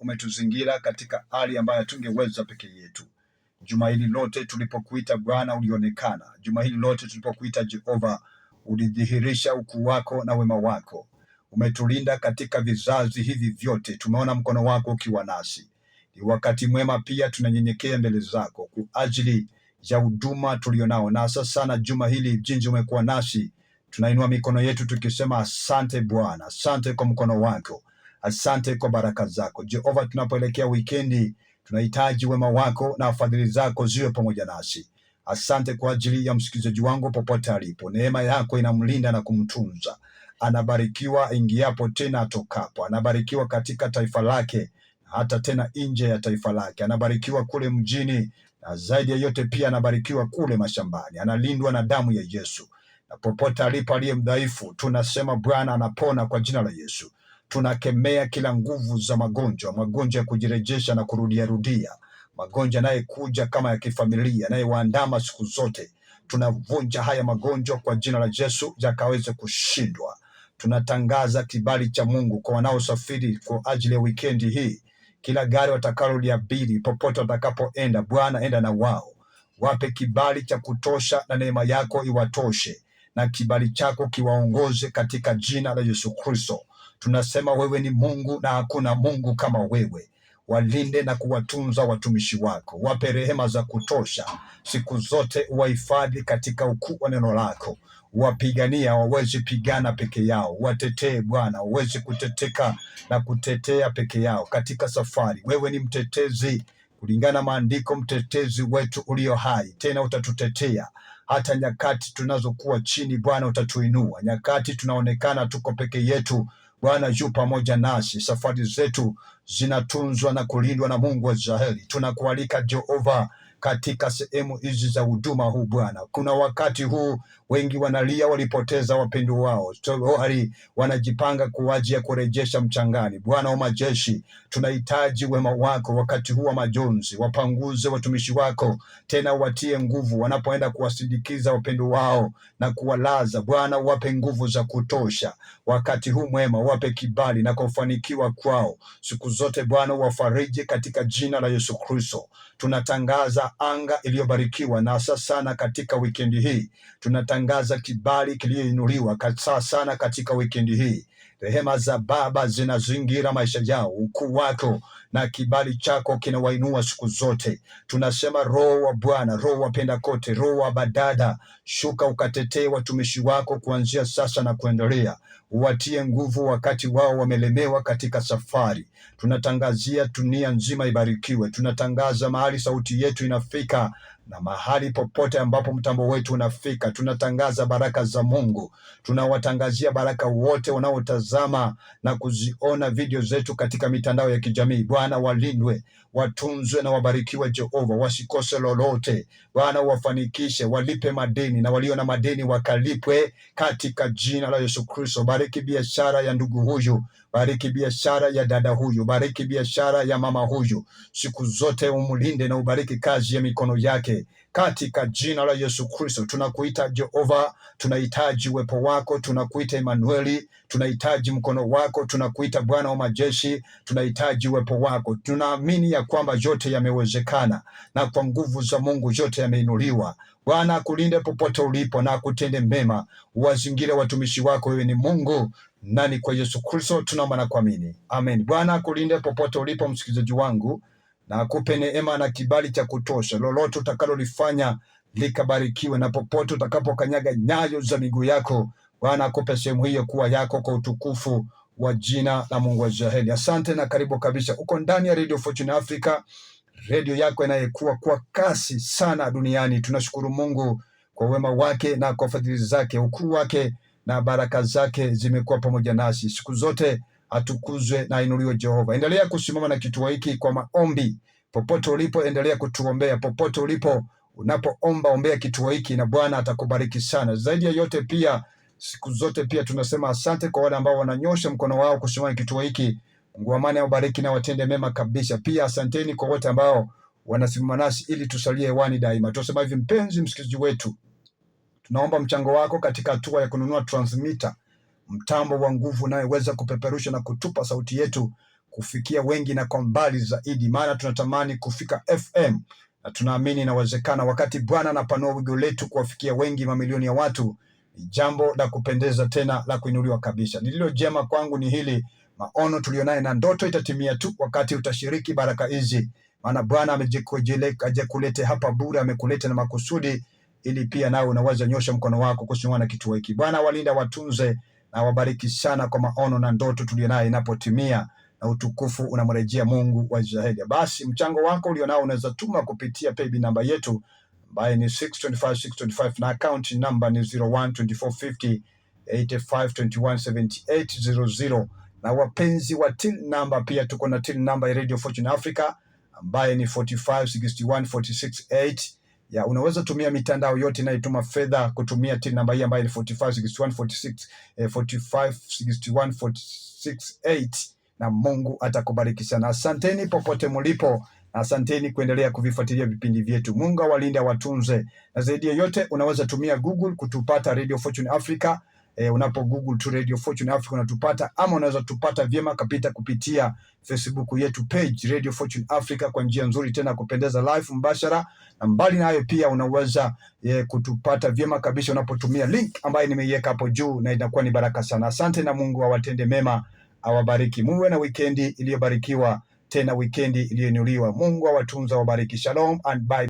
umetuzingira katika hali ambayo hatungeweza peke yetu. Juma hili lote tulipokuita Bwana ulionekana. Juma hili lote tulipokuita Jehova ulidhihirisha ukuu wako na wema wako. Umetulinda katika vizazi hivi vyote, tumeona mkono wako ukiwa nasi. Ni wakati mwema pia tunanyenyekea mbele zako kwa ajili ya huduma tulionao, na sasa sana juma hili jinsi umekuwa nasi. Tunainua mikono yetu tukisema asante Bwana, asante kwa mkono wako Asante kwa baraka zako Jehova. Tunapoelekea wikendi, tunahitaji wema wako na fadhili zako ziwe pamoja nasi. Asante kwa ajili ya msikilizaji wangu popote alipo, neema yako inamlinda na kumtunza. Anabarikiwa ingiapo tena atokapo, anabarikiwa katika taifa lake hata tena nje ya taifa lake, anabarikiwa kule mjini na zaidi ya yote pia anabarikiwa kule mashambani, analindwa na damu ya Yesu. Na popote alipo aliye mdhaifu, tunasema Bwana anapona kwa jina la Yesu tunakemea kila nguvu za magonjwa, magonjwa ya kujirejesha na kurudiarudia, magonjwa yanayekuja kama ya kifamilia yanayewaandama siku zote. Tunavunja haya magonjwa kwa jina la Yesu, yakaweze kushindwa. Tunatangaza kibali cha Mungu kwa wanaosafiri kwa ajili ya wikendi hii. Kila gari watakaloliabiri, popote watakapoenda, Bwana enda na wao, wape kibali cha kutosha, na neema yako iwatoshe, na kibali chako kiwaongoze katika jina la Yesu Kristo. Tunasema wewe ni Mungu na hakuna Mungu kama wewe. Walinde na kuwatunza watumishi wako, wape rehema za kutosha siku zote, wahifadhi katika ukuu wa neno lako. Wapigania wawezi pigana peke yao, watetee Bwana wawezi kuteteka na kutetea peke yao katika safari. Wewe ni mtetezi kulingana maandiko, mtetezi wetu ulio hai, tena utatutetea hata nyakati tunazokuwa chini. Bwana, utatuinua nyakati tunaonekana tuko peke yetu Bwana yu pamoja nasi, safari zetu zinatunzwa na kulindwa na Mungu wa Israeli. Tunakualika Jehova katika sehemu hizi za huduma huu Bwana, kuna wakati huu Wengi wanalia, walipoteza wapendo wao, tohari wanajipanga kuwajia kurejesha mchangani. Bwana wa majeshi, tunahitaji wema wako wakati huu wa majonzi. Wapanguze watumishi wako tena, watie nguvu wanapoenda kuwasindikiza wapendo wao na kuwalaza. Bwana, wape nguvu za kutosha wakati huu mwema, wape kibali na kufanikiwa kwao siku zote. Bwana, wafariji katika jina la Yesu Kristo. Tunatangaza anga iliyobarikiwa na sasa sana katika wikendi hii tunatangaza kutangaza kibali kiliyoinuliwa kasa sana katika wikendi hii. Rehema za Baba zinazingira maisha yao. Ukuu wako na kibali chako kinawainua siku zote. Tunasema Roho wa Bwana, Roho wa Pentekoste, Roho wa badada, shuka ukatetee watumishi wako kuanzia sasa na kuendelea. Uwatie nguvu wakati wao wamelemewa katika safari. Tunatangazia dunia nzima ibarikiwe. Tunatangaza mahali sauti yetu inafika na mahali popote ambapo mtambo wetu unafika, tunatangaza baraka za Mungu. Tunawatangazia baraka wote wanaotazama na kuziona video zetu katika mitandao ya kijamii. Bwana walindwe, watunzwe na wabarikiwe Jehova, wasikose lolote. Bwana wafanikishe, walipe madeni na walio na madeni wakalipwe katika jina la Yesu Kristo. Bariki biashara ya ndugu huyu Bariki biashara ya dada huyu, bariki biashara ya mama huyu, siku zote umulinde na ubariki kazi ya mikono yake katika jina la Yesu Kristo. Tunakuita Jehova, tunahitaji uwepo wako, tunakuita Emanueli, tunahitaji mkono wako, tunakuita Bwana wa majeshi, tunahitaji uwepo wako. Tunaamini ya kwamba yote yamewezekana, na kwa nguvu za Mungu yote yameinuliwa. Bwana akulinde popote ulipo na akutende mema, wazingire watumishi wako. Wewe ni Mungu na ni kwa Yesu Kristo tunaomba na kuamini, amen. Bwana akulinde popote ulipo, msikilizaji wangu, na akupe neema na kibali cha kutosha. Lolote utakalolifanya likabarikiwe, na popote utakapokanyaga nyayo za miguu yako, Bwana akupe sehemu hiyo kuwa yako kwa utukufu wa jina la Mungu wa Israeli. Asante na karibu kabisa. Uko ndani ya Radio Fortune Africa, redio yako inayekuwa kwa kasi sana duniani. Tunashukuru Mungu kwa wema wake na kwa fadhili zake, ukuu wake na baraka zake zimekuwa pamoja nasi siku zote. Atukuzwe na ainuliwe Jehova. Endelea kusimama na kituo hiki kwa maombi popote ulipo, endelea kutuombea popote ulipo. Unapoomba ombea kituo hiki na Bwana atakubariki sana. Zaidi ya yote pia, siku zote pia tunasema asante kwa wale ambao wananyosha mkono wao kusimama kituo hiki. Mungu amani awabariki na watende mema kabisa. Pia asanteni kwa wote ambao wanasimama nasi ili tusalie hewani daima. Tunasema hivi, mpenzi msikizaji wetu Tunaomba mchango wako katika hatua ya kununua transmitter, mtambo wa nguvu unayeweza kupeperusha na kutupa sauti yetu kufikia wengi na kwa mbali zaidi, maana tunatamani kufika FM na tunaamini inawezekana. Wakati Bwana anapanua wigo letu kuwafikia wengi, mamilioni ya watu, ni jambo la kupendeza tena la kuinuliwa kabisa. Lililo jema kwangu ni hili, maono tulionaye na ndoto itatimia tu wakati utashiriki baraka hizi, maana Bwana amekulete hapa bure, amekuleta na makusudi ili pia nawe unaweza nyosha mkono wako kusimama na kituo hiki. Bwana walinda, watunze na wabariki sana kwa maono na ndoto tuliyonayo inapotimia na utukufu unamrejea Mungu wa Israeli. Basi mchango wako ulionao unaweza tuma kupitia paybill namba yetu ambayo ni 625625 na account number ni 012450 na wapenzi wa till number pia tuko na till number ya Radio Fortune Africa ambaye ni 4561468 ya unaweza tumia mitandao yote inayotuma fedha kutumia TIN namba hii ambayo ni 456146 eh, na Mungu atakubariki sana asanteni popote mlipo, na asanteni kuendelea kuvifuatilia vipindi vyetu. Mungu awalinde, awatunze, na zaidi ya yote unaweza tumia Google kutupata Radio Fortune Africa eh, unapo google tu Radio Fortune Africa unatupata, ama unaweza tupata vyema kapita kupitia Facebook yetu page Radio Fortune Africa kwa njia nzuri tena kupendeza live mbashara, na mbali nayo pia unaweza eh, kutupata vyema kabisa unapotumia link ambayo nimeiweka hapo juu, na inakuwa ni baraka sana. Asante na Mungu awatende wa mema, awabariki, muwe na wikendi iliyobarikiwa, tena wikendi iliyoinuliwa. Mungu awatunza, awabariki. Shalom and bye.